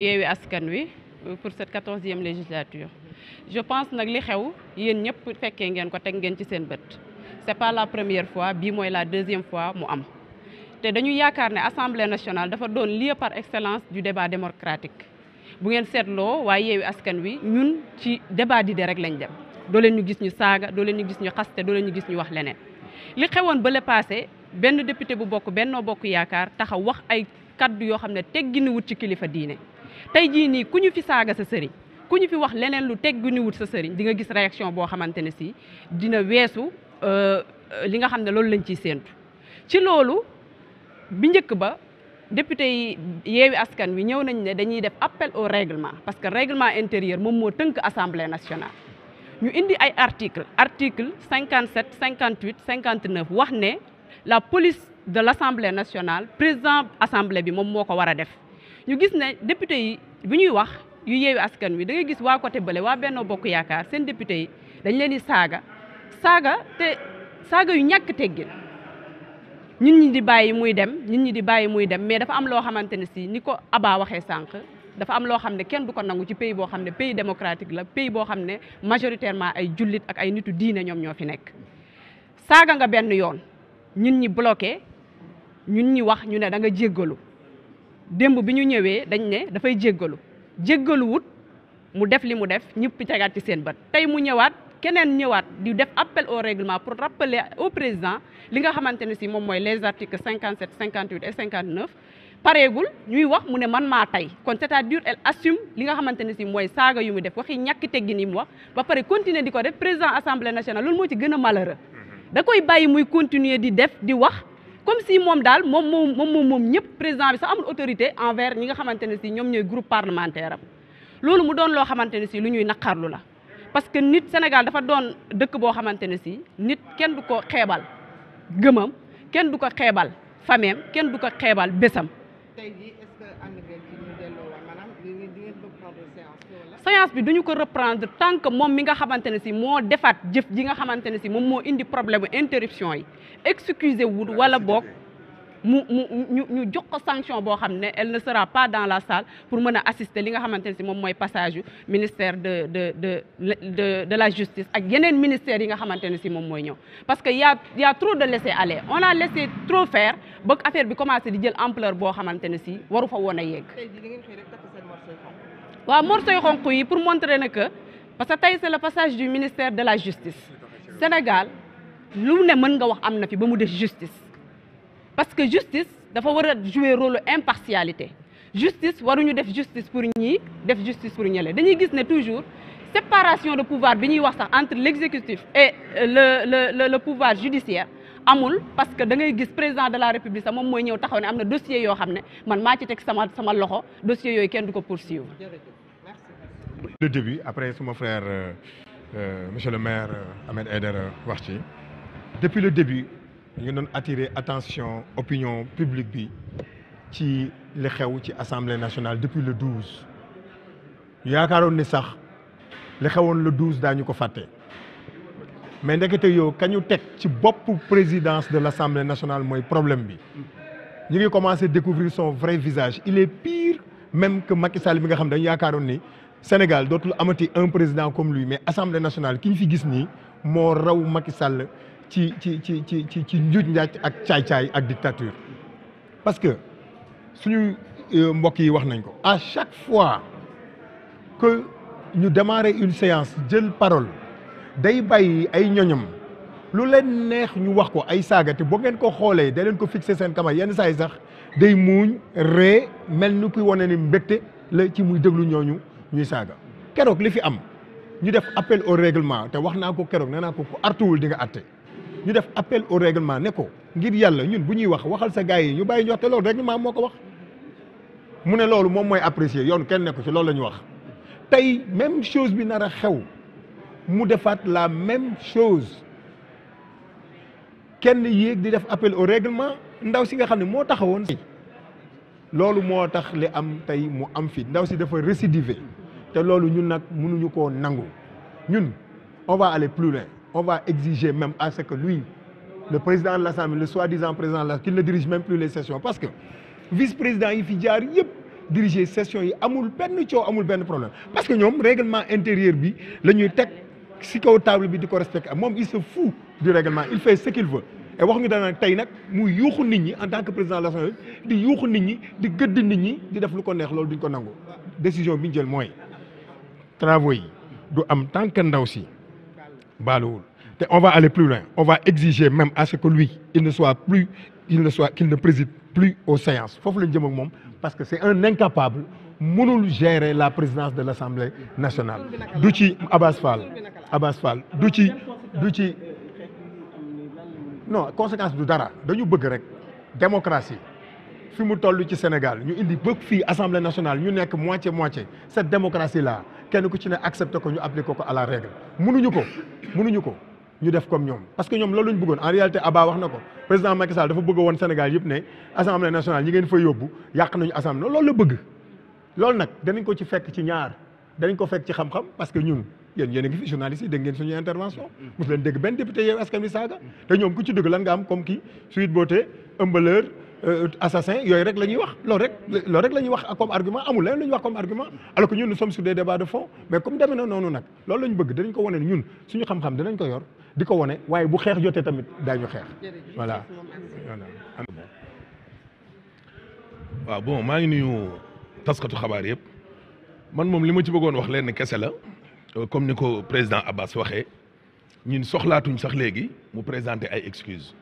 Yewwi Askan Wi euh, pour cette quatorzième législature je pense nag li xew yéen ñëpp fekkee ngeen ko teg ngeen ci seen bët c'est pas la première fois bii mooy la deuxième fois mu am te dañu yaakaar ne assemblée nationale dafa doon lieu par excellence du débat démocratique bu ngeen seetloo waaye Yewwi Askan Wi ñun ci débat de rek lañ dem doo leen ñu gis ñu saaga doo leen ñu gis ñu xaste doo leen ñu gis ñu wax leneen li xewoon ba le passé benn député bu bokk Benno Bokk Yaakaar taxaw wax ay kaddu yoo xam ne tegginu wut ci kilifa diine tey jii nii ku ñu fi saaga sa sëriñ ku ñu fi wax leneen lu teg gu wut sa sëriñ di nga gis réaction boo xamante ne si dina weesu euh, li nga xam ne loolu lañ ciy séentu ci loolu bi njëkk ba député yi yeewi askan wi ñëw nañ ne dañuy def appel au règlement parce que réglement intérieur moom moo tënk assemblée nationale ñu indi ay article article 57 58 59 wax ne la police de l'assemblée nationale président assemblée bi moom moo ko war a def ñu gis ne député yi bu ñuy wax yu yeewi askan wi da ngay gis waa côté bale waa Benno Bokk Yaakaar seen député yi dañ leen di saaga saaga te saaga yu ñàkk teggin ñun ñi di bàyyi muy dem ñun ñi di bàyyi muy dem mais dafa am loo xamante ne si ni ko Aba waxee sànq dafa am loo xam ne kenn du ko nangu ci pays boo xam ne pays démocratique la pays boo xam ne majoritairement ay jullit ak ay nitu diine ñoom ñoo fi nekk saaga nga benn yoon ñun ñi bloqué ñun ñi wax ñu ne da nga jéggalu démb bi ñu ñëwee dañ ne dafay jéggalu jéggaluwut mu def li mu def ñëpp tegaat ci seen bët tey mu ñëwaat keneen ñëwaat di def appel au règlement pour rappeler au président li nga xamante ne si moom mooy les articles 57 58 et 59 pareegul ñuy wax mu ne man maa tey kon c'est-à-dire assume li nga xamante ne si mooy saaga yu mu def waxi ñàkk teggin yi mu wax ba pare continuer di ko def président assemblée nationale loolu moo ci gën a malheureux mm-hmm. da koy bàyyi muy continuer di def di wax comme si moom daal moom moom moom moom ñëpp président bi sax amul autorité envers ñi nga xamante ne si ñoom ñooy groupe parlementaire loolu mu doon loo xamante ne si lu ñuy naqarlu la parce que nit Sénégal dafa doon dëkk boo xamante ne si nit kenn du ko xeebal gëmam kenn du ko xeebal fameem kenn du ko xeebal bésam séance bi dañu ko reprendre tant que moom mi nga xamante ne si moo defaat jëf ji nga xamante ne si moom moo indi problème mu interruption yi excusez wut wala boog mu mu ñu jox ko sanction boo xam ne elle ne sera pas dans la salle pour mën a assister li nga xamante ne si moom mooy passage yu ministère de de de la justice ak yeneen ministères yi nga xamante ne si moom mooy ñëw parce que y a y a trop de laisser aller on a laissé trop faire ba affaire bi commencé di jël ampleur boo xamante ne si waru fa woon a yegg. waaw morceau yu xonq yi pour montrer na que parce que tey c'est le passage du ministère de la justice Sénégal lu ne mën nga wax am na fi ba mu def justice parce que justice dafa war a jouer rôle impartialité justice ñu def justice pour ñii def justice pour ñele dañuy gis ne toujours séparation de pouvoir bi ñuy wax sax entre l'exécutif et euh, le le le le pouvoir judiciaire amul parce que da ngay gis président de la république sax moom mooy ñëw taxaw ne am na dossier yoo xam ne man maa ci teg sama sama loxo dossier yooyu kenn du ko poursuivre le début après suma frère euh, euh monsieur le maire euh, Ahmed Aïdara wax ci depuis le début ñu doon attirer attention opinion publique bi ci li xew ci assemblée nationale depuis le 12 yaakaaroon ni sax li xewoon le 12 daañu ko fàtte mais ndekete yow kañu teg ci bopp présidence de l' assemblée nationale mooy problème bi ñu ngi commencé découvrir son vrai visage il est pire même que Macky Sall mi nga xam dañu yaakaaroon ni Sénégal dootul amati un président comme lui mais assemblée nationale ki ñu fi gis nii moo raw Macky Sall ci ci ci ci ci ci njuuj njaaj ak caay-caay ak dictature. parce que suñu euh, mbokk yi wax nañ ko à chaque fois que ñu démarrer une séance jël parole day bàyyi ay ñoñam. lu leen neex ñu wax ko ay saaga te boo ngeen ko xoolee da leen ko fixé seen kama yenn saa sax day muuñ ree mel ni kuy wane ni mbégte la ci muy déglu ñooñu ñuy saaga keroog li fi am ñu def appel au règlement te wax naa ko keroog nee naa ko ku artuwul di nga atte ñu def appel au règlement ne ko ngir yàlla ñun bu ñuy wax waxal sa gars yi ñu bàyyi ñu wax te loolu règlement moo ko wax mu ne loolu moom mooy apprécier yoonu kenn nekku ci loolu lañu ñu wax tey même chose bi nar a xew mu defaat la même chose kenn yéeg di def appel au règlement ndaw si nga xam ne moo taxawoon loolu moo tax li am tey mu am fii ndaw si dafa récidiver te loolu ñun nag mënuñu koo nangu ñun on va aller plus loin on va exiger même à ce que lui le président de l'Assemblée le soi-disant président la qu'il ne dirige même plus les sessions parce que vice-président yi fi jaar yëpp diriger session yi amul benn coow amul benn problème parce que ñoom règlement intérieur bi la ñuy teg ci kaw table bi di ko respecté moom il se fout du et wax ñu dana tey nag muy yuuxu nit ñi en tant que président de l'Assemblée di yuuxu nit ñi di gëdd nit ñi di def lu ko neex loolu duñ ko nangu décision bi ñu jël mooy travaux yi du am tant ndaw si baaluwul te on va aller plus loin on va exiger même à ce que lui il ne soit plus il ne soit qu'il ne préside plus aux séances foofu lañ jëm ak moom parce que c'est un incapable mënul gérer la présidence de l'Assemblée nationale du ci Abbas Fall Abbas du non conséquence du dara dañu bëgg rek démocratie fi mu toll ci Sénégal ñu indi bëgg fii assemblée nationale ñu nekk moitié moitié cette démocratie là kenn ku ci ne accepté ko ñu appliqué ko à la règle mënuñu ko mënuñu ko ñu def comme ñoom parce que ñoom loolu lañu bëggoon en réalité Abba wax na ko président Macky Sall dafa bëgg woon Sénégal yëpp ne assemblée nationale ñi ngeen fa yóbbu yàq nañu assemblée loolu la bëgg loolu nag danañ ko ci fekk ci ñaar danañ ko fekk ci xam parce que ñun yéen yéen a ngi fi journaliste yi dégg ngeen suñu intervention mm-hmm. mosu leen dégg benn député yow askan bi saaga te ñoom ku ci dëgg lan nga am comme kii Sweet Beauté ëmbaleur euh, assassin yooyu rek la ñuy wax loolu rek loolu rek la ñuy wax comme argument amul leneen la ñuy wax comme argument alors que ñun nous sommes sur des débats de fond mais comme demee na noonu nag loolu la ñu bëgg dinañ ko wane ñun suñu xam-xam dinañ ko yor di ko wane waaye bu xeex jotee tamit daañu xeex voilà voilà waaw bon maa ngi nuyu taskatu xabaar yëpp man moom li ma ci bëggoon wax leen kese la Euh, comme ni ko président Abbas waxee ñun soxlaatuñ sax léegi mu présenter ay excuses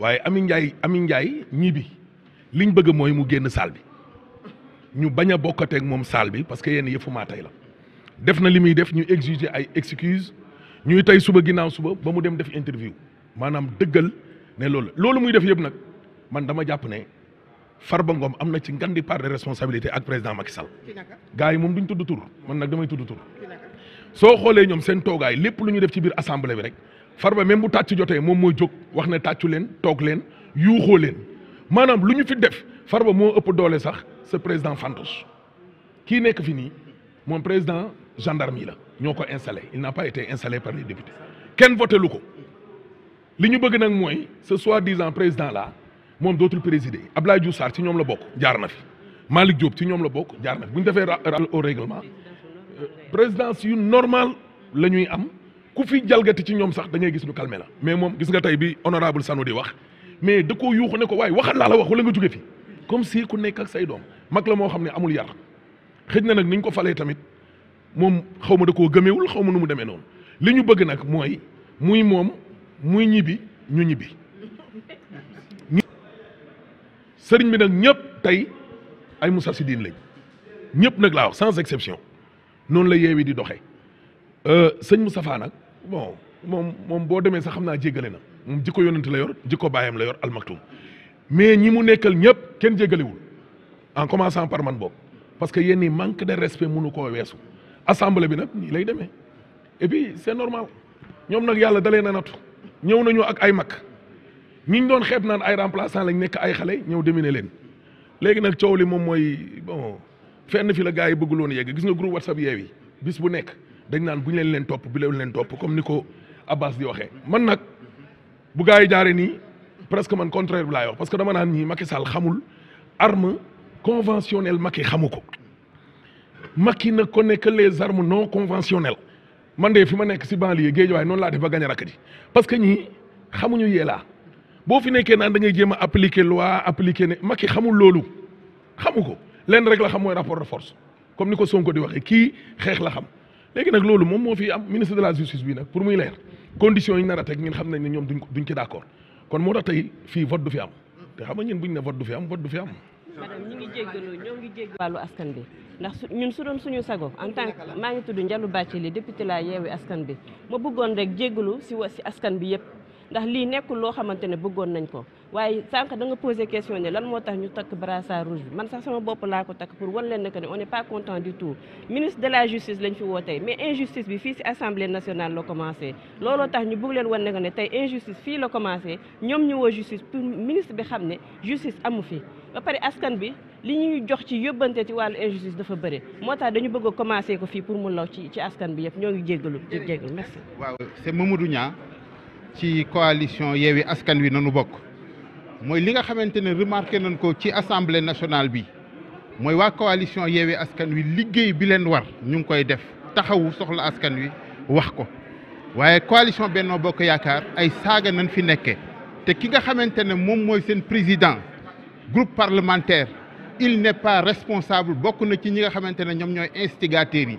waaye Amy Ndiaye Amy Ndiaye ñii bi liñ bëgg mooy mu génn salle bi ñu bañ a bokkateeg moom salle bi parce que yenn yëfu maa tey la def na li muy def ñu exiger ay excuses ñuy tey suba ginnaaw suba ba mu dem def interview maanaam dëggal ne loolu loolu muy def yëpp nag man dama jàpp ne Farba Ngom am na ci ngandi part de responsabilité ak président Macky sal gars yi moom duñ tudd tur man nag damay tudd soo xoolee ñoom seen toogaay lépp lu ñu def ci biir assemblée bi rek Farba même bu tàcc jotee moom moo jóg wax na tàccu leen toog leen yuuxoo leen maanaam lu ñu fi def far ba moo ëpp doole sax sa président Fantos kii nekk fi nii moom président gendarmerie la ñoo ko installé il n'a pas été installé par les députés kenn voté lu ko li ñu bëgg nag mooy ce soi-disant président là moom dootul présider Abdoulaye Diouf Sarr ci ñoom la bokk jaar na fi Malick Diop ci ñoom la bokk jaar na fi bu ñu defee rappel au règlement présidence yu normal la ñuy am ku fi jalgati ci ñoom sax da gis ñu calmé la mais moom gis nga tey bi san Sano di wax mais da koo yuuxu ne ko waaye waxal laa la wax wala nga jóge fi comme si ku nekk ak say doom mag la moo xam ne amul yar xëj na nag ni ñu ko falee tamit moom xaw ma da koo gëmewul xaw ma nu mu demee noonu li ñu bëgg nag mooy muy moom muy ñibbi ñu ñibbi sëriñ bi nag ñëpp tey ay Moustarchidine lañ ñëpp nag laa wax sans noonu la yeewi di doxee euh, sëñ mu Moustapha nag bon moom moom boo demee sax xam naa jéggale na moom jikko yonent la yor jikko baayam la yor almaktum mais ñi mu nekkal ñëpp kenn jéggalewul en commençant par man boobu parce que yenn manque de respect munu koo weesu assemblée bi nag nii lay demee et puis c'est normal ñoom nag yàlla dalee na nattu ñëw nañu ak ay mag ñi ñu doon xeeb naan ay remplaçant lañ nekk ay xale ñëw demine leen léegi nag coow li moom mooy bon fenn fi la gars yi bëggul woon yegg gis nga groupe whatsapp yeew bis bu nekk dañ naan bu ñu leen leen topp bu leen topp comme ni ko Abbas di waxee man nag bu gars yi jaaree nii presque man contraire bi laay wax parce que dama naan ñii Macky Sall xamul arme conventionnelle Macky xamu ko Macky na ko nekk les armes non conventionnelles man de fi ma nekk si yi géej waaye noonu laa def ba gañ a rakk ji parce que ñii xamuñu laa boo fi nekkee naan da jéem a appliquer loi appliquer ne Macky xamul loolu xamu ko. lenn rek la xam mooy rapport de force comme ni ko Sonko di waxee kii xeex la xam léegi nag loolu moom moo fi am ministre de la justice bi nag pour muy leer conditions yi nar a teg ñun xam nañ ne ñoom duñ duñ ci d' accord kon moo tax tey fii vote du fi am te xam nga ñun buñ ne vote du fi am vote du fi am. madame ñi ngi jéggalu ñoo ngi jégg wàllu askan bi ndax su ñun su doon suñu sago en tant que maa ngi tudd Ndiallo Bathily député laa yeewi askan bi ma bëggoon rek jéggalu si wa si askan bi yëpp ndax lii nekkul loo xamante ne bëggoon nañ ko waaye sànq da nga posé question ne lan moo tax ñu takk brassard rouge bi man sax sama bopp laa ko takk pour wan leen ne que ne on n'est pas content du tout ministre de la justice lañ fi woo tey mais injustice bi fii ci assemblée nationale la commencé looloo tax ñu bëgg leen wan ne que ne tey injustice fii la commencé ñoom ñu woo justice pour ministre bi xam ne justice amu fi ba pare askan bi li ñuy jox ci yóbbante ci wàllu injustice dafa bëri moo tax dañu bëgg commencé ko fii pour mu law ci ci askan bi yëpp ñoo ngi jéggalu ci jéggalu merci waaw c'est Mamadou ci coalition Yewwi Askan Wi nonu bokk mooy li nga xamante ne remarqué nañ ko ci assemblée nationale bi mooy waa coalition Yewwi Askan Wi liggéey bi leen war ñu ngi koy def taxawu soxla askan wi wax ko waaye coalition Benno Bokk Yaakaar ay saaga nañ fi nekke te ki nga xamante ne moom mooy seen président groupe parlementaire il n'est pas responsable bokk na ci ñi nga xamante ne ñoom ñooy instigateurs yi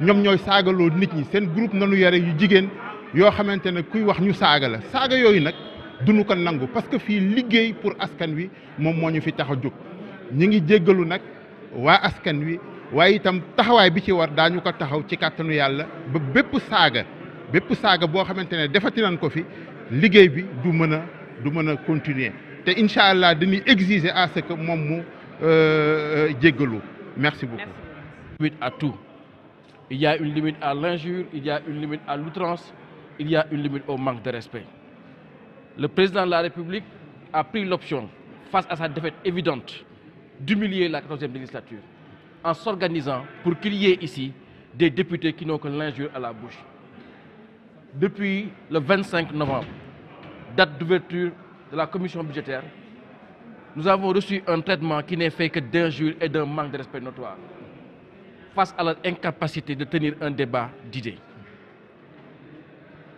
ñoom ñooy saagaloo nit ñi seen groupe nonu yare yu jigéen yoo xamante ne kuy wax ñu saaga la saaga yooyu nag duñu ko nangu parce que fii liggéey pour askan wi moom moo ñu fi tax a jóg ñu ngi jéggalu nag waa askan wi waaye itam taxawaay bi ci war daañu ko taxaw ci kàttanu yàlla ba bépp saaga bépp saaga boo xamante ne defati nañ ko fi liggéey bi du mën a du mën a continuer te incha allah dañuy exiger à que moom mu euh, euh, jéggalu merci beaucoup. limite à tout une limite à l'injure il y une limite à l'outrance il y a une au manque Le président de la République a pris à sa défaite évidente, d'humilier la 14e en s'organisant pour qu'il y des députés qui à la bouche. le 25 novembre, date d'ouverture de la commission budgétaire, nous avons reçu un traitement qui n'est fait que d'injures et d'un manque de respect notoire face incapacité de tenir un débat d'idées.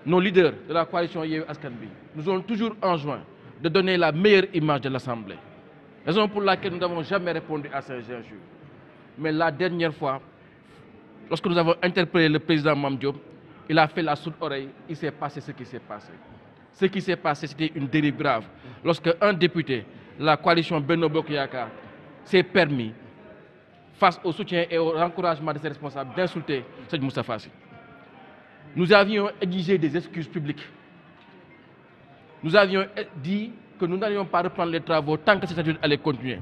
nos leaders de la coalition Yewwi Askan Wi nous ont toujours enjoint de donner la meilleure image de l'Assemblée. Raison pour laquelle nous n'avons jamais répondu à ces injures. Mais la dernière fois, lorsque nous avons interpellé le président Mamdiop, il a fait la sourde oreille, il s'est passé ce qui s'est passé. Ce qui s'est passé, c'était une dérive grave. Lorsque un député, la coalition Benno Bokk Yakaar, s'est permis, face au soutien et au encouragement de ses responsables, d'insulter Nous avions exigé des excuses publiques. Nous avions dit que nous n'allions pas reprendre les travaux tant que cette étude allait continuer.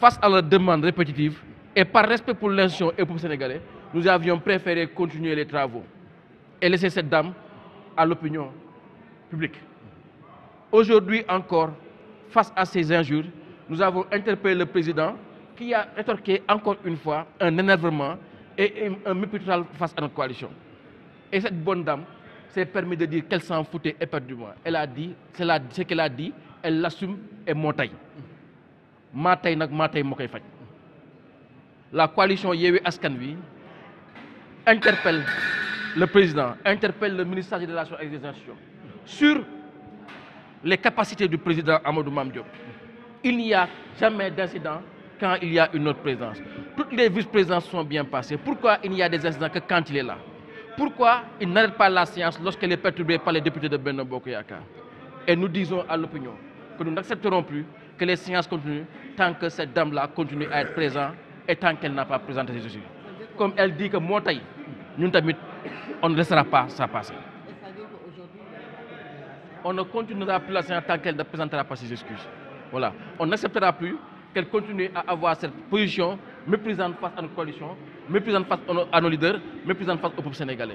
Face à la demande répétitive et par respect pour l'institution et pour les Sénégalais, nous avions préféré continuer les travaux et laisser cette dame l'opinion publique. Aujourd'hui encore, face à ces injures, nous avons interpellé le président qui a rétorqué encore une fois un énervement et un mépris face à notre coalition. Et cette bonne dame s'est permis de dire qu'elle s'en foutait éperdument. Elle a dit, c'est ce qu'elle a dit, elle l'assume et moo tey maa tey nag maa moo koy faj la coalition Yewwi Askan Wi interpelle le président interpelle le ministre chargé des relations avec les institutions sur les capacités du président Amadou Mame Diop il n'y a jamais d'incident quand il y a une autre présidence toutes les vice-présidences sont bien passées pourquoi il n'y a Pourquoi ils n'arrêtent pas la science lorsqu'elle est perturbée par les députés de Benno Bokuyaka Et nous disons à l'opinion que nous n'accepterons plus que les sciences continuent tant que cette dame-là continue à être présente et qu'elle n'a pas présenté Comme elle dit que moo tey ñun tamit on ne laissera pas ça passer. On ne continuera plus la science tant qu'elle ne présentera pas ses excuses. Voilà, on n'acceptera plus qu'elle continue à avoir cette position méprisante face à nos coalitions, méprisante face à nos leaders, méprisante face au peuple sénégalais.